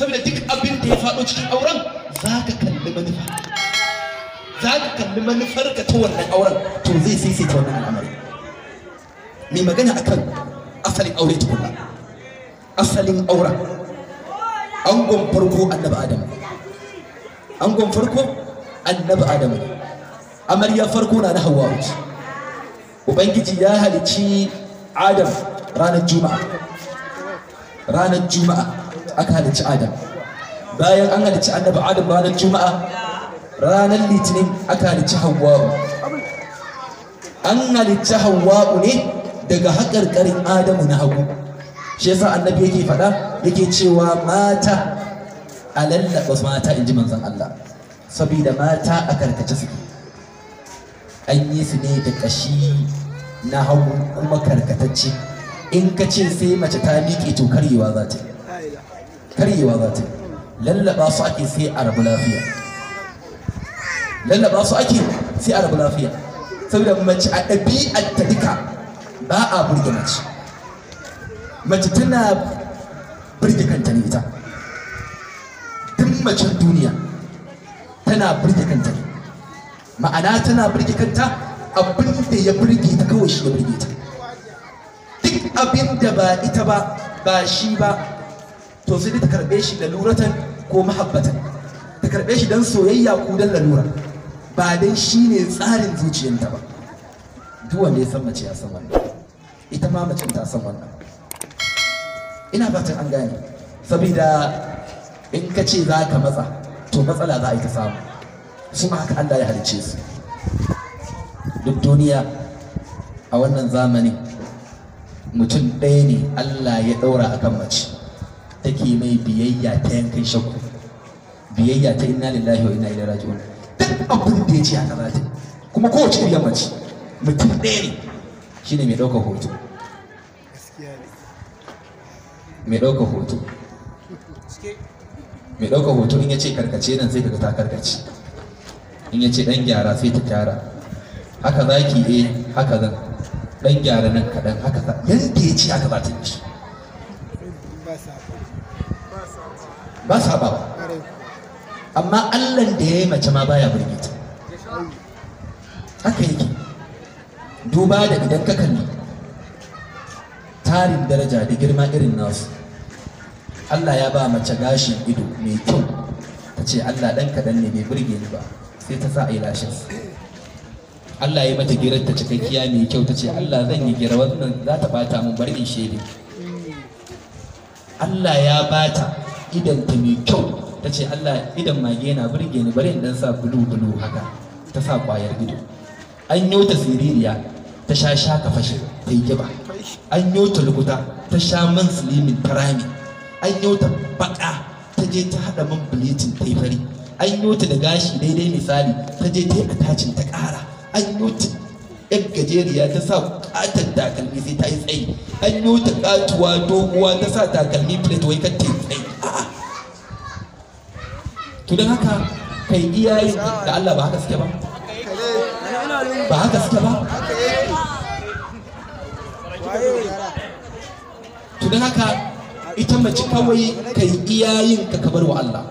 saboda duk abin da ya faɗo cikin auren za ka kalli manufa za ka kalli manufar ka ta wannan auren to zai sai sai ta wannan al'amari mai magana akan asalin aure ta kula? asalin auren angon farko annabi adam angon farko annabi adam amarya farko na na hawa wuce ubangiji ya halici adam ranar juma'a ranar juma'a aka halicci adam bayan an halicci annabi adam ranar juma'a ranar litinin aka halicci hawa'u an halicci hawa'u ne daga haƙarƙarin adamu na hagu shi yasa annabi yake faɗa yake cewa mata a lallaɓa mata in ji manzon Allah saboda mata a karkace suke an yi su ne da ƙashi na hagu kuma karkatacce in ka ce sai mace ta miƙe to karyewa za ta yi karyewa za ta lallaba su ake sai a rabu lafiya lallaba su ake sai a rabu lafiya saboda mace a ɗabi'ar ta duka ba a burge mace mace tana burge kanta ne ita duk macen duniya tana burge kanta ne ma'ana tana burge kanta abin da ya burge ta kawai shi ya burge ta duk abin da ba ita ba ba shi ba to sai ta karɓe shi laluratan ko mahabbatan ta karɓe shi don soyayya ko don lalura ba dan shi ne tsarin zuciyarta ba duwa wanda ya san mace ya san wannan ita ma macen ta san wannan ina fatan an gane saboda in ka ce za ka matsa to matsala za a yi ta samu su ma haka Allah ya halice su duk duniya a wannan zamanin mutum ɗaya ne Allah ya ɗaura akan mace take mai biyayya ta yankan shakku biyayya ta inna lillahi wa inna ilaihi raji'un duk abin da ya ce haka za ta kuma kowace biyan mace mutum ɗaya ne shine mai ɗaukar hoto mai ɗaukar hoto mai ɗaukar hoto in ya ce karkace nan sai ka ta karkace in ya ce ɗan gyara sai ta gyara haka za ki eh haka zan ɗan gyara nan kaɗan haka za yanda ya ce haka za ta yi ba sa ba amma allan da ya yi mace ma baya burge ta haka yake duba da idan ka kalli tarin daraja da girma irin nasu Allah ya ba mace gashin ido mai kyau ta ce Allah dan kaɗan ne bai burge ni ba sai ta sa a yi lashin Allah ya mata girar ta cikakkiya mai kyau ta ce Allah zan yi girar wannan za ta bata mun bar in shede Allah ya bata idan ta mai kyau ta ce Allah idan mage na birge ni bari in dan sa bulu bulu haka ta sa kwayar gido an yi ta siririya ta sha sha ka fashe ta yi giba an yi ta lukuta ta sha man silimin tarami an yi ta baka ta je ta hada man bleaching ta yi fari an yi ta da gashi daidai misali ta je ta yi attaching ta kara an yi ta yan gajeriya ta sa katon takalmi sai ta yi tsayi an yi wuta katuwa doguwa ta sa takalmi plate wai kan ta yi tsayi to don haka kai iyayen da Allah ba haka suke ba ba haka suke ba to don haka ita mace kawai kai iyayen ka kabar wa Allah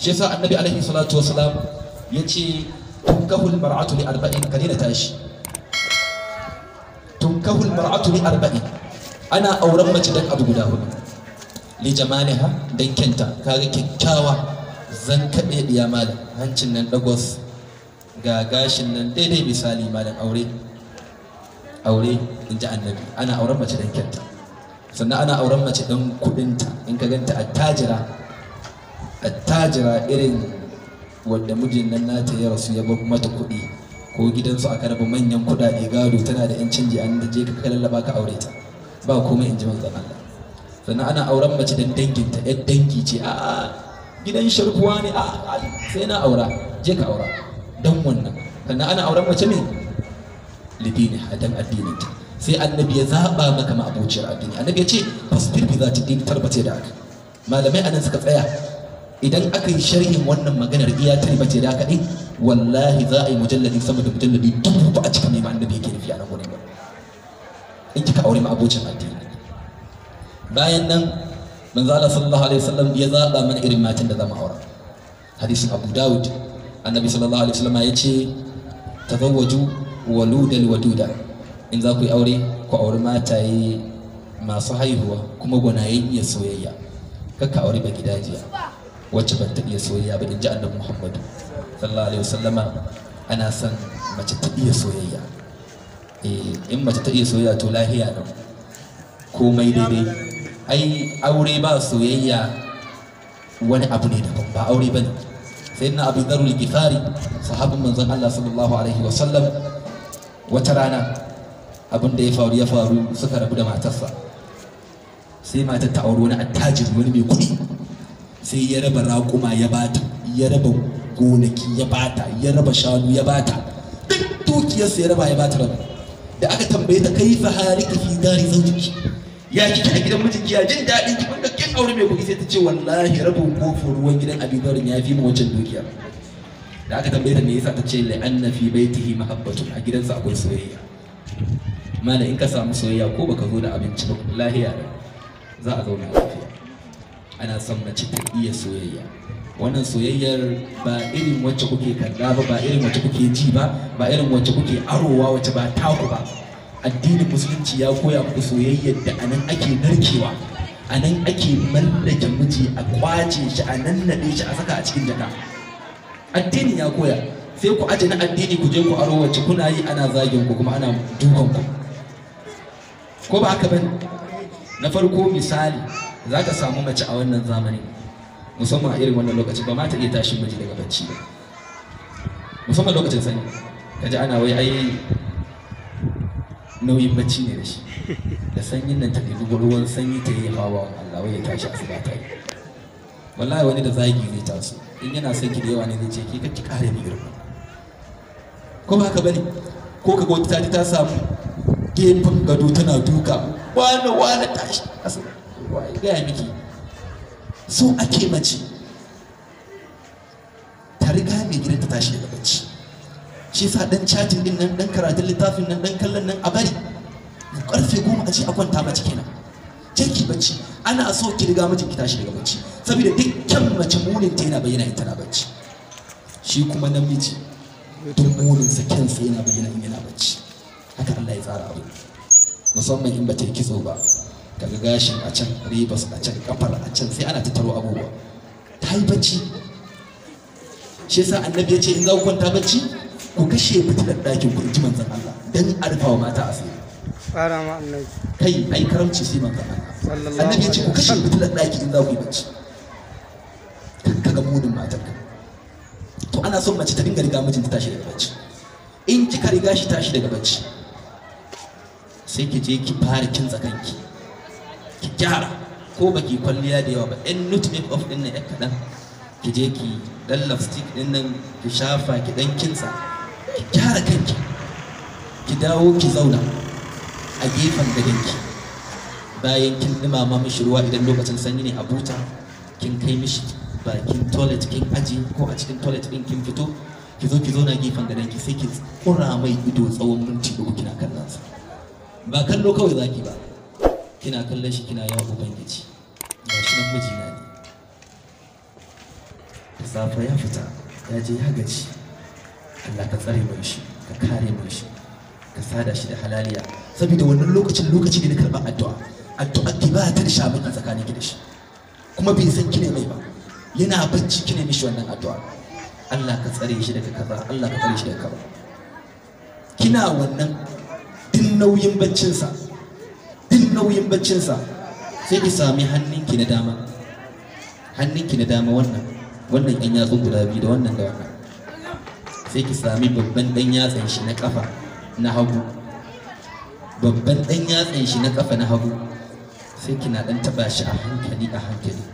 shi yasa annabi alaihi salatu wasalam ya ce tunkahul mar'atu li arba'in ka daina tashi tunkahul mar'atu li arba'in ana auren mace dan abu guda hudu li jamaniha dan kenta kaga kyakkyawa zan kabe ɗiya mal hancin nan dagos ga gashin nan daidai misali malam aure aure in ji annabi ana auren mace dan kenta sannan ana auren mace dan kuɗinta in ka ganta attajira attajira irin wadda mijin nan nata ya rasu ya bar mata kuɗi ko gidansu a karba manyan kuɗaɗe gado tana da ƴancin canji an da je ka lallaba ka aure ta ba komai in ji manzon Allah sannan ana auren mace dan danginta yan dangi ce a gidan sharkuwa ne a sai na aura je ka aura dan wannan sannan ana auren mace ne libini a dan addininta sai annabi ya zaba maka ma abociyar addini annabi ya ce fasbir bi zati din tarbace da aka malamai anan suka tsaya idan aka yi sharhin wannan maganar iya tarba ce da kaɗai wallahi za a yi mujalladi sama da mujalladi dubu ba a cika neman da bai ke nufi a nan wurin ba in kika aure ma abocin addini bayan nan manzo Allah sallallahu alaihi wasallam ya zaba mana irin matan da zama aura hadisin Abu Dawud annabi sallallahu alaihi wasallam ya ce tazawwaju waludal waduda in za ku yi aure ku auri mataye masu haihuwa kuma gwanayen iya soyayya kakka aure ba gidajiya wacce ban ta iya soyayya ba in ji annabi muhammadu sallallahu alaihi wasallama ana son mace ta iya soyayya eh, in mace ta iya soyayya to lahiya da komai daidai ai aure ba soyayya wani abu ne daban ba aure ba sai na abu zarul gifari sahabin manzon Allah sallallahu alaihi wasallam wata rana abin da ya faru ya faru suka rabu da matarsa sai matar ta auri wani attajiri wani mai kuɗi sai ya raba raƙuma ya bata ya raba gonaki ya bata ya raba shanu ya bata duk dukiyarsa ya raba ya bata raba da aka tambaye ta kai fa hariki fi dari zaujiki ya kike a gidan mijinki ya jin daɗin ki wanda kin aure mai kuɗi sai ta ce wallahi rabin kofin ruwan gidan abibarin ya fi mu wancan dukiya da aka tambaye ta me yasa ta ce la'anna fi baitihi mahabbatu a gidansa akwai soyayya mana in ka samu soyayya ko baka zo da abinci ba lahiya za a zauna ana son mace ta iya soyayya wannan soyayyar ba irin wacce kuke kalla ba ba irin wacce kuke ji ba ba irin wacce kuke arowa wacce ba taku ba addinin musulunci ya koya ku soyayyar da anan ake narkewa anan ake mallake miji a kwace shi a nannade shi a saka a cikin jaka addini ya koya sai ku aje na addini ku je ku aro wacce kuna yi ana zagin ku kuma ana dukan ku ko ba haka bane na farko misali za ka samu mace a wannan zamani musamman a irin wannan lokacin ba ma ta iya tashin miji daga bacci ba musamman lokacin sanyi kaji ana wai ai nauyin bacci ne da shi da sanyin nan ta ɗibi ruwan sanyi ta yi hawa Allah wai ya tashi asuba ta yi wallahi wani da zagi zai taso in yana son ki da yawa ne zai ce ki kake kare ni girma ko ba haka bane ko ka gota ta ta samu gefen gado tana duka wani wani tashi asuba gaya miki so ake mace ta riga mai gidan ta tashi daga bacci shi sa dan cajin din nan dan karatun littafin nan dan kallon nan a bari karfe goma a ce a kwanta mace kenan jirki bacci ana so ki riga mijin ki tashi daga bacci saboda dukkan mace munin ta yana bayyana ita na bacci shi kuma namiji tun munin sa kansa yana bayyana in yana bacci haka Allah ya tsara abu musamman in bata yi kitso ba daga gashin a can ribas a can kafar a can sai ana tattaro abubuwa ta yi bacci shi yasa annabi ya ce in za ku kwanta bacci ku kashe fitilar ɗakin ku ji manzon Allah dan alfawa mata a mata fara ma annabi kai ai karamci sai manzon Allah annabi ya ce ku kashe fitilar ɗakin in za ku yi bacci kaga mudin matar ka to ana son mace ta dinga riga mijinta tashi daga bacci in kika riga shi tashi daga bacci sai ki je ki fara kintsa kanki ki gyara ko ba ki kwalliya da yawa ba in nut of up din nan ya kaɗan ki je ki ɗan lipstick din nan ki shafa ki ɗan kinsa ki gyara kanki ki dawo ki zauna a gefen gadonki bayan kin dumama mishi ruwa idan lokacin sanyi ne a buta kin kai mishi bakin toilet kin aji ko a cikin toilet din kin fito ki zo ki zauna gefen gadonki sai ki kura mai ido tsawon minti uku kina kallon sa ba kallo kawai zaki ba kina kallon shi kina yawa ubangiji ga shi nan mijina ne da safa ya fita ya je ya gaci Allah ka tsare mai shi ka kare mai shi ka sada shi da halaliya saboda wannan lokacin lokaci ne na karɓar addu'a addu'a ki ba ta da shamin a tsakanin ki da shi kuma bai san kine mai ba yana bacci kine mishi wannan addu'a Allah ka tsare shi daga kaza Allah ka tsare shi daga kaza kina wannan din nauyin baccinsa duk nauyin baccinsa sai ki sami hannunki na dama hannunki na dama wannan wannan yan yatsu guda biyu da wannan da wannan sai ki sami babban dan yatsan shi na kafa na hagu babban dan yatsan shi na kafa na hagu sai kina dan taba shi a hankali a hankali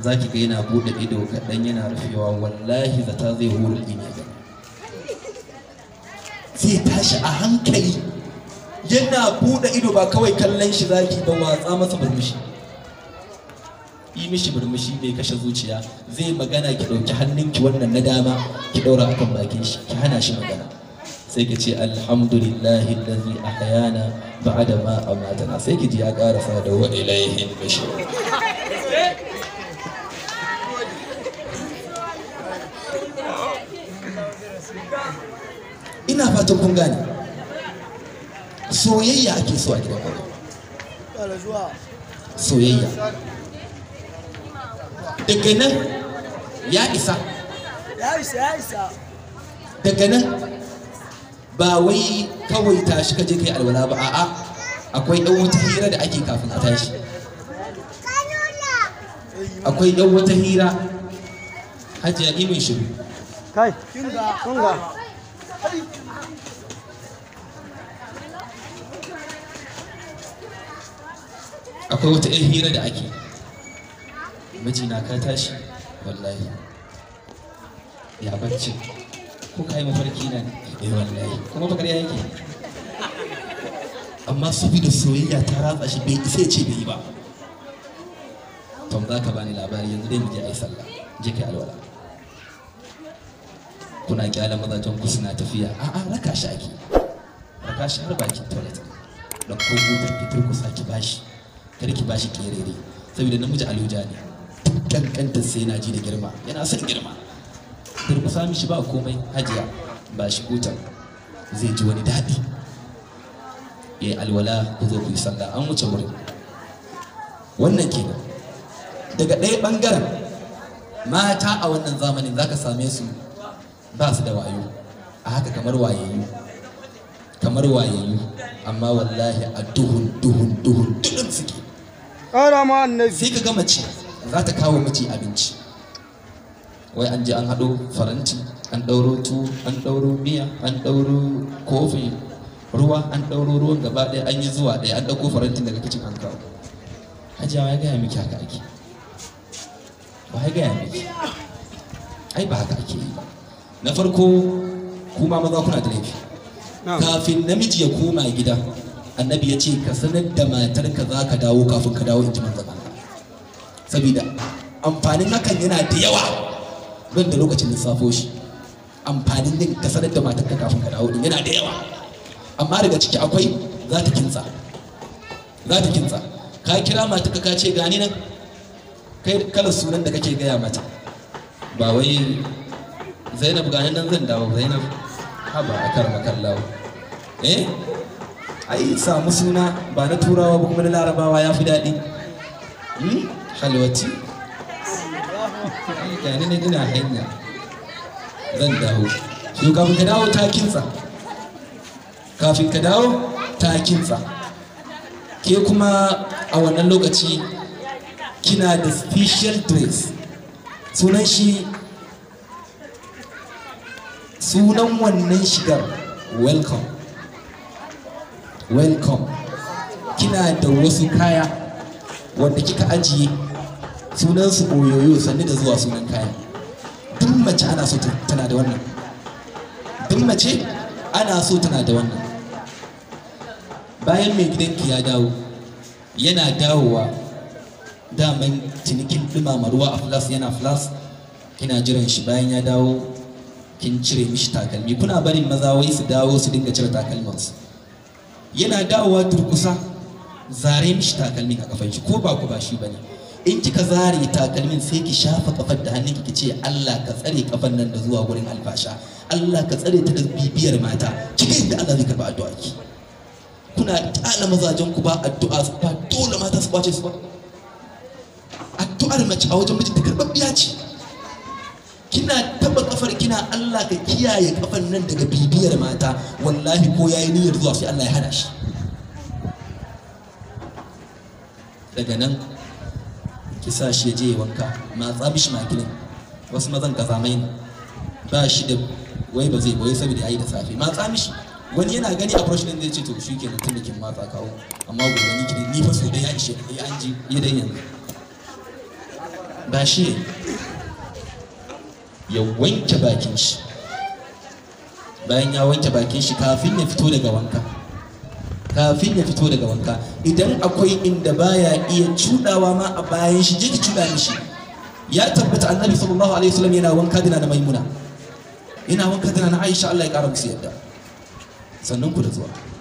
za ki ga yana bude ido kaɗan yana rufewa wallahi zata zai hurin in ya zai tashi a hankali yana buɗe ido ba kawai kallon shi zaki ba watsa masa murmushi yi mishi murmushi mai kashe zuciya zai magana ki ɗauki hannunki wannan na dama ki ɗaura akan bakin shi ki hana shi magana sai ki ce alhamdulillahi allazi ahyana ba'da ma amatana sai ki ji ya karasa da wa ilaihi bashir ina fatan kun gane soyayya ake so a gidan aure soyayya daga nan ya isa daga nan ba wai kawai tashi ka je kai alwala ba a'a akwai ɗan wata hira da ake kafin a tashi akwai ɗan wata hira hajiya mai shiru kai kinga kinga akwai wata yan hira da ake na ka tashi wallahi ya bacci ko ka yi mafarki na ne eh, wallahi kuma bakar ya yake amma saboda soyayya ta ratsa shi bai isa ce bai yi ba tom za ka bani labari yanzu dai mu je a yi sallah je kai alwala kuna kyala mazajen ku suna tafiya a'a raka shi ake raka shi har bakin toilet da ko butar ki ku sake bashi kar ki bashi kerere saboda namiji aluja ne kankantar sai na ji da girma yana son girma sami mishi ba komai hajiya ba shi kotan zai ji wani daɗi ya alwala ku zo ku yi an wuce wurin wannan kenan daga ɗaya ɓangaren mata a wannan zamanin za ka same su ba su da wayo a haka kamar wayayyu kamar wayayyu amma wallahi a duhun duhun duhun duhun suke ƙara ma annabi sai ka ga mace za ta kawo mace abinci wai an je an haɗo faranti an ɗauro tuwo an ɗauro miya an ɗauro kofi ruwa an ɗauro ruwan gaba ɗaya an yi zuwa ɗaya an ɗauko faranti daga kicin an kawo hajiya ya gaya miki haka ake ba ya gaya miki ai ba haka ake yi na farko kuma maza kuna da laifi kafin namiji ya koma gida annabi ya ce ka sanar da matarka za ka dawo kafin ka dawo in ji manzan saboda amfanin hakan yana da yawa ban da lokacin lissafo shi amfanin din ka sanar da matarka kafin ka dawo din yana da yawa amma daga ciki akwai za ta kinsa za ta kinsa ka kira matarka ka ce gani nan kai kalar sunan da kake gaya mata ba wai zainab gani nan zan dawo zainab haba a kar makallawa eh a yi samu suna ba na turawa ba kuma na larabawa ya fi daɗi hmm? halwaci ya ne ina hanya zan dawo yau kafin ka dawo ta kinsa kafin ka dawo ta kinsa ke kuma a wannan lokaci kina da special dress sunan shi sunan wannan shigar welcome welcome kina da wasu kaya wanda kika ajiye sunan su oyoyo sanni da zuwa sunan kaya duk mace ana so tana da wannan duk mace ana so tana da wannan bayan mai gidanki ya dawo yana dawowa daman cinikin dumama ruwa a flas yana flas kina jiran shi bayan ya dawo kin cire mishi takalmi kuna barin maza wai su dawo su dinga cire takalmansu yana dawowa turkusa zare mishi takalmin a kafan shi ko ba ku ba shi bane in kika zare takalmin sai ki shafa kafar da hannunki ki ce Allah ka tsare kafan nan da zuwa gurin alfasha Allah ka tsare ta da bibiyar mata cikin da Allah zai karba addu'a ki kuna tala mazajen ku ba addu'a ba dole mata su kwace su ba addu'ar mace a wajen miji ta karɓar biya ce kina taba kafar kina Allah ka kiyaye kafan nan daga bibiyar mata wallahi ko yayi niyyar zuwa sai Allah ya hana shi daga nan ki sa shi je wanka ma tsabi shi makilin wasu mazan zama ne ba shi da wai ba zai boye saboda yayi da safe ma tsabi shi wani yana gani a brush din zai ce to shi ke nan tunda kin matsa kawo amma gobe ni kiri ni fa so da ya ishe ya anji ya dai yanzu ba shi ya wanke bakin shi bayan ya wanke bakin shi kafin ya fito daga wanka kafin ya fito daga wanka idan akwai inda baya iya cudawa ma a bayan shi je ki cuda shi. ya tabbata annabi sallallahu alaihi wasallam yana wanka dana da maimuna yana wanka dana na aisha Allah ya kara musu yadda sannan ku da zuwa